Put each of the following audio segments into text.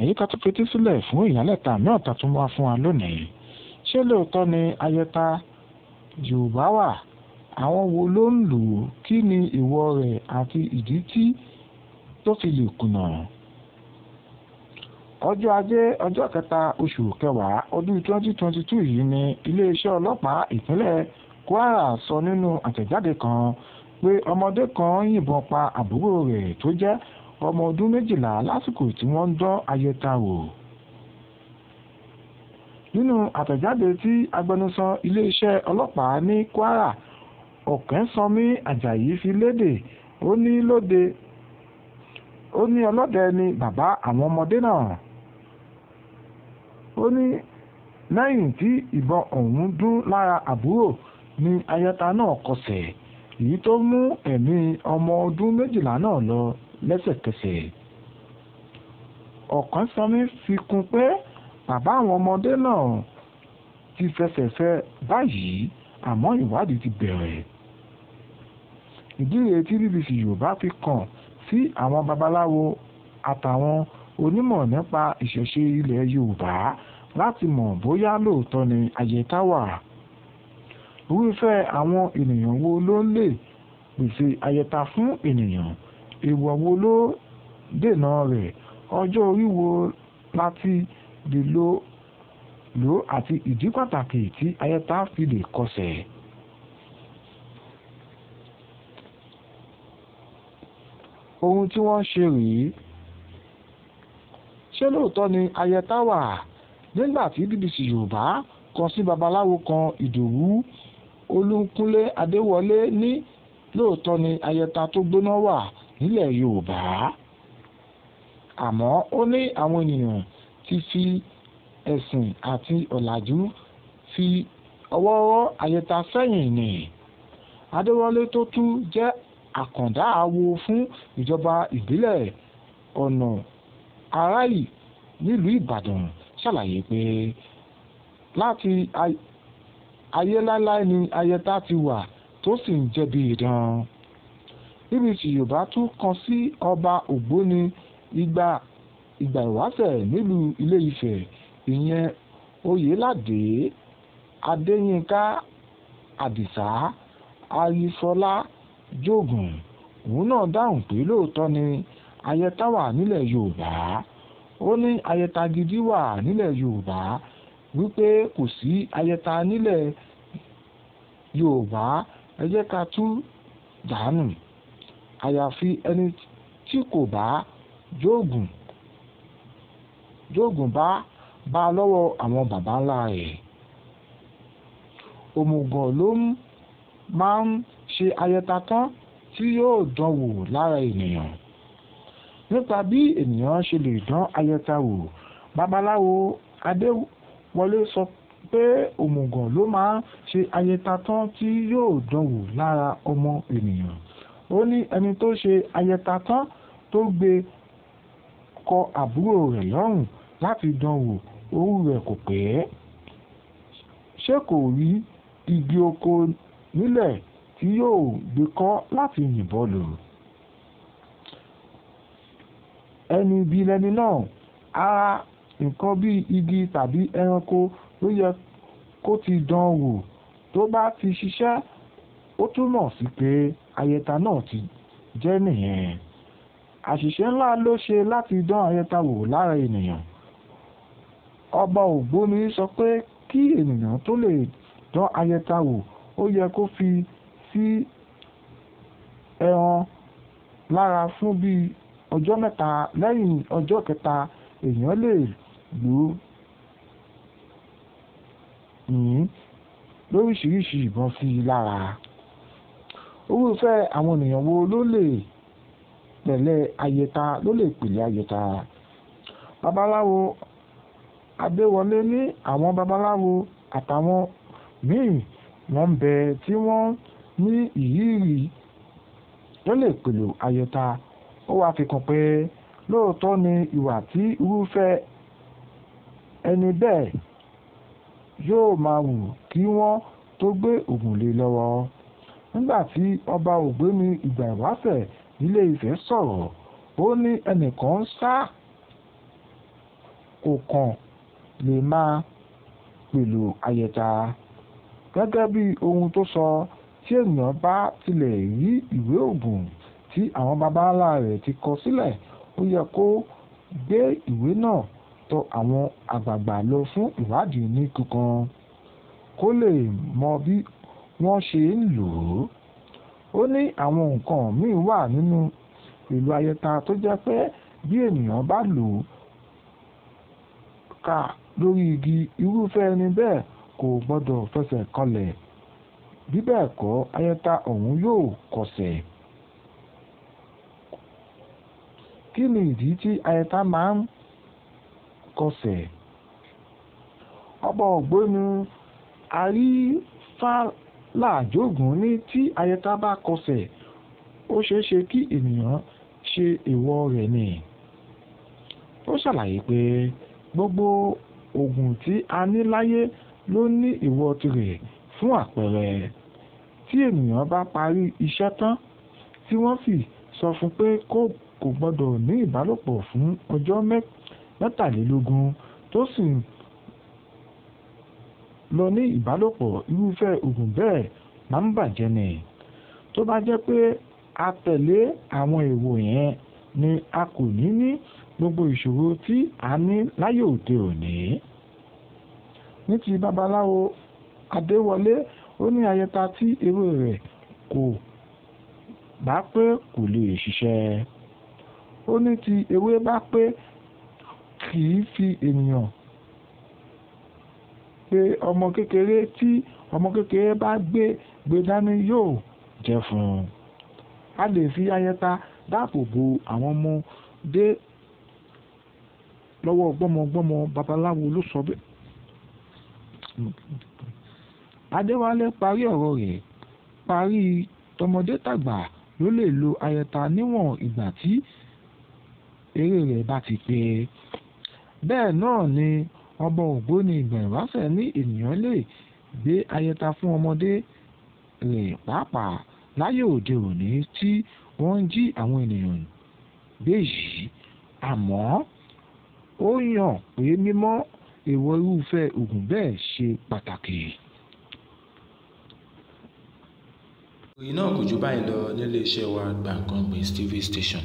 èyí ká tó fetí sílẹ̀ fún ìyálẹ̀ta mìíràn tá tún wá fún wa lónìí ṣé lóòótọ́ ni ayẹta yorùbá wà àwọn wo ló ń lò ó kí ni ìwọ rẹ̀ àti ìdí tí tó fi lè kùnà ọjọ́ ajé ọjọ́ kẹta oṣù kẹwàá ọdún 2022 yìí ni iléeṣẹ́ ọlọ́pàá ìpínlẹ̀ kwara sọ nínú àtẹ̀jáde kan pé ọmọdé kan yìnbọn pa àbúrò rẹ̀ tó jẹ́ ọmọ ọdún méjìlá lásìkò tí wọ́n ń dán ayẹta wò. nínú àtẹ̀jáde tí agbẹnusọ iléeṣẹ́ ọlọ́pàá ní Kwara Ọ̀kẹ́sànmí Àjàyí fi léde ó ní lóde ó ní ọlọ́dẹ ni bàbá àwọn ọmọdé náà ó ní lẹ́yìn tí ìbọn ọ̀hún dún lára àbúrò ni ayẹta náà kọsẹ̀ èyí tó mú ẹ̀mí ọmọ ọdún méjìlá náà lọ lẹ́sẹ̀kẹsẹ̀ ọ̀kánsánmi fi kún pé bàbá àwọn ọmọdé náà ti fẹsẹ̀ fẹ́ báyìí àmọ́ ìwádìí ti bẹ̀rẹ̀ ìdí rèé tí bbc yorùbá fi kàn sí àwọn babaláwo àtàwọn onímọ̀ nípa ìṣẹ̀ṣe ilẹ̀ yorùbá láti mọ̀ bóyá lóòótọ́ ni àyẹ̀ká wà irúfẹ́ àwọn ènìyàn wo ló lè pèsè àyẹ̀ká fún ènìyàn èèwọ̀ wo ló dènà rẹ̀ ọjọ́ orí wo láti lè lo lò àti ìdí pàtàkì tí ayẹta fi lè kọsẹ̀. ohun tí wọ́n ń ṣe rèé ṣé lóòótọ́ ni ayẹta wà nígbà tí bbc yorùbá kọ sí babaláwo kan ìdòwú olúkúnlé adéwọlé ní lóòótọ́ ni ayẹta tó gbóná wà nílẹ̀ Yorùbá àmọ́ ó ní àwọn ènìyàn ti fi ẹ̀sìn àti ọ̀làjú fi ọwọ́ rọ́ ayẹta sẹ́yìn ni Adéwọlé tó tún jẹ́ àkàndá àwo fún ìjọba ìbílẹ̀ ọ̀nà aráàlú nílùú Ìbàdàn ṣàlàyé pé láti ayé ni ayẹta ti wà tó sì ń jẹbi idán níbi tí yorùbá tún kan sí ọba ògbóni ìgbà ìgbà ìwáṣẹ̀ nílùú ilé ifẹ̀ ìyẹn oyèládé adéyínká àdìsá ayífọlá jogun òun náà dáhùn pé lóòótọ́ ni ayẹta wà nílẹ̀ yorùbá ó ní ayẹta gidi wà nílẹ̀ yorùbá wípé kò sí ayẹta nílẹ̀ yorùbá ẹ jẹ́ ká tú dànù àyàfi ẹni tí kò bá jogun jogun bá bá lọ́wọ́ àwọn baba ńlá rẹ̀ òmùgọ̀ ló máa ń ṣe ayẹta tán tí yóò dán wò lára ènìyàn nípa bí ènìyàn ṣe lè dán ayẹta wò babaláwo adéwọlé sọ pé òmùgọ̀ ló máa ń ṣe ayẹta tán tí yóò dán wò lára ọmọ ènìyàn ó ní ẹni tó ṣe ayẹta tán tó gbé kọ àbúrò rẹ̀ lọ́rùn láti dán wò owó rẹ̀ kò pé ṣé kò rí igi oko nílẹ̀ tí yóò gbé kọ́ láti yìnbọn lò ẹni bí lẹni náà ara nǹkan bíi igi tàbí ẹranko ló yẹ kó ti dán wò tó bá ti ṣiṣẹ́ ó túmọ̀ sí pé ayẹta náà ti jẹ́ nìyẹn àṣìṣe ńlá ló ṣe láti dán ayẹta wò lára ènìyàn ọba ògbómi sọ pé kí ènìyàn tó lè dán ayẹta wò ó yẹ kó fi sí ẹran lára fún bíi ọjọ́ mẹ́ta lẹ́yìn ọjọ́ kẹta èèyàn lè lò ó yìn hmm. lóríṣiríṣi ìbọn sí i lára irúfẹ́ àwọn ènìyàn wo ló lè tẹ̀lé ayẹta ló lè pèlè ayẹta babaláwo adéwọlé ní àwọn babaláwo àtàwọn míì wọ́n ń bẹ tí wọ́n ní ìrírí ló lè pèlè ayẹta ó wàá fi kún pé lóòótọ́ ni ìwà tí irúfẹ́ ẹni bẹ́ẹ̀ yóò máa wù kí wọ́n tó gbé ògùn lé lọ́wọ́ nígbà tí ọba ògbémi ìgbà ìwáṣẹ̀ ilé Ifẹ̀ sọ̀rọ̀ ó ní ẹnìkan ṣá kò kàn lè máa pẹ̀lú ayẹta gẹ́gẹ́ bí ohun tó sọ tí ènìyàn bá tilẹ̀ rí ìwé ògùn tí àwọn baba ńlá rẹ̀ ti kọ sílẹ̀ ó yẹ kó gbé ìwé náà tọ àwọn àgbààgbà lọ fún ìwádìí ní kíkan kó lè mọ bí wọ́n ṣe ń lò ó. ó ní àwọn nǹkan míì wà nínú ìlú ayẹta tó jẹ́ pé bí ènìyàn bá lò ó ká lórí igi irúfẹ́ ẹni bẹ́ẹ̀ kò gbọ́dọ̀ fẹsẹ̀ kanlẹ̀ bí bẹ́ẹ̀ kọ́ ayẹta ọ̀hún yóò kọsẹ̀. kí ni ìdí tí ayẹta máa ń kọsẹ̀? ọ̀pọ̀ ògbóni a rí làájògùn ní tí ayẹta bá kọsẹ̀ ó ṣeéṣe kí ènìyàn ṣe èèwọ̀ rẹ̀ ni ó ṣàlàyé pé gbogbo oògùn tí a ní láyé ló ní èèwọ̀ tirẹ̀ fún àpẹẹrẹ tí ènìyàn bá parí iṣẹ́ tán tí wọ́n sì sọ fún pé kó kò gbọ́dọ̀ ní ìbálòpọ̀ fún ọjọ́ mẹ́tàlélógún tó sì ń lọ ní ìbálòpọ̀ irúfẹ́ oògùn bẹ́ẹ̀ máa ń bàjẹ́ ni tó bá jẹ́ pé a tẹ̀lé àwọn èèwọ̀ yẹn ni a kò ní ní gbogbo ìṣòro tí a ní láyé òde òní ní ti babaláwo adéwọlé ó ní ayẹta tí ewé rẹ̀ kò bá pé kò lè ṣiṣẹ́ ó ní tí ewé bá pé kì í fi ènìyàn pé ọmọ kékeré tí ọmọ kékeré bá gbé gbé dání yóò jẹ́ fún un. a lè fi ayẹta dáàbò bo àwọn ọmọdé lọ́wọ́ gbọ́mọgbọ́mọ babaláwo ló sọ bẹ́ẹ̀. adéwálé parí ọ̀rọ̀ rẹ̀ parí tọmọdé tàgbà ló lè lo ayẹta níwọ̀n ìgbà tí eré rẹ̀ bá ti pé. bẹ́ẹ̀ náà ni ọba ògbóni ìgbọ̀n ìwáfẹ̀ ní ènìyàn lè gbé ayẹta fún ọmọdé rìn pàápàá láyé òde òní tí wọ́n ń jí àwọn ènìyàn gbé yìí àmọ́ ó yàn pé mímọ́ èèwọ̀ irúfẹ́ oògùn bẹ́ẹ̀ ṣe pàtàkì. ìròyìn náà kò jù báyìí lọ nílé iṣẹ́ wa Gbankanbi TV station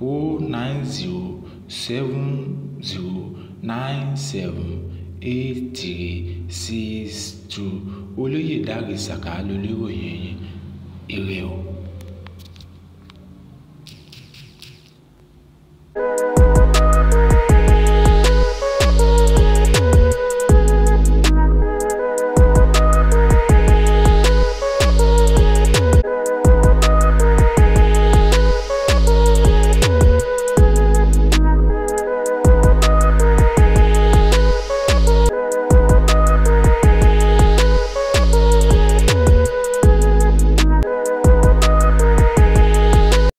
o nine zero seven zero nine seven eight three six two olóyèdárì sàká lolóròyìn yín ire o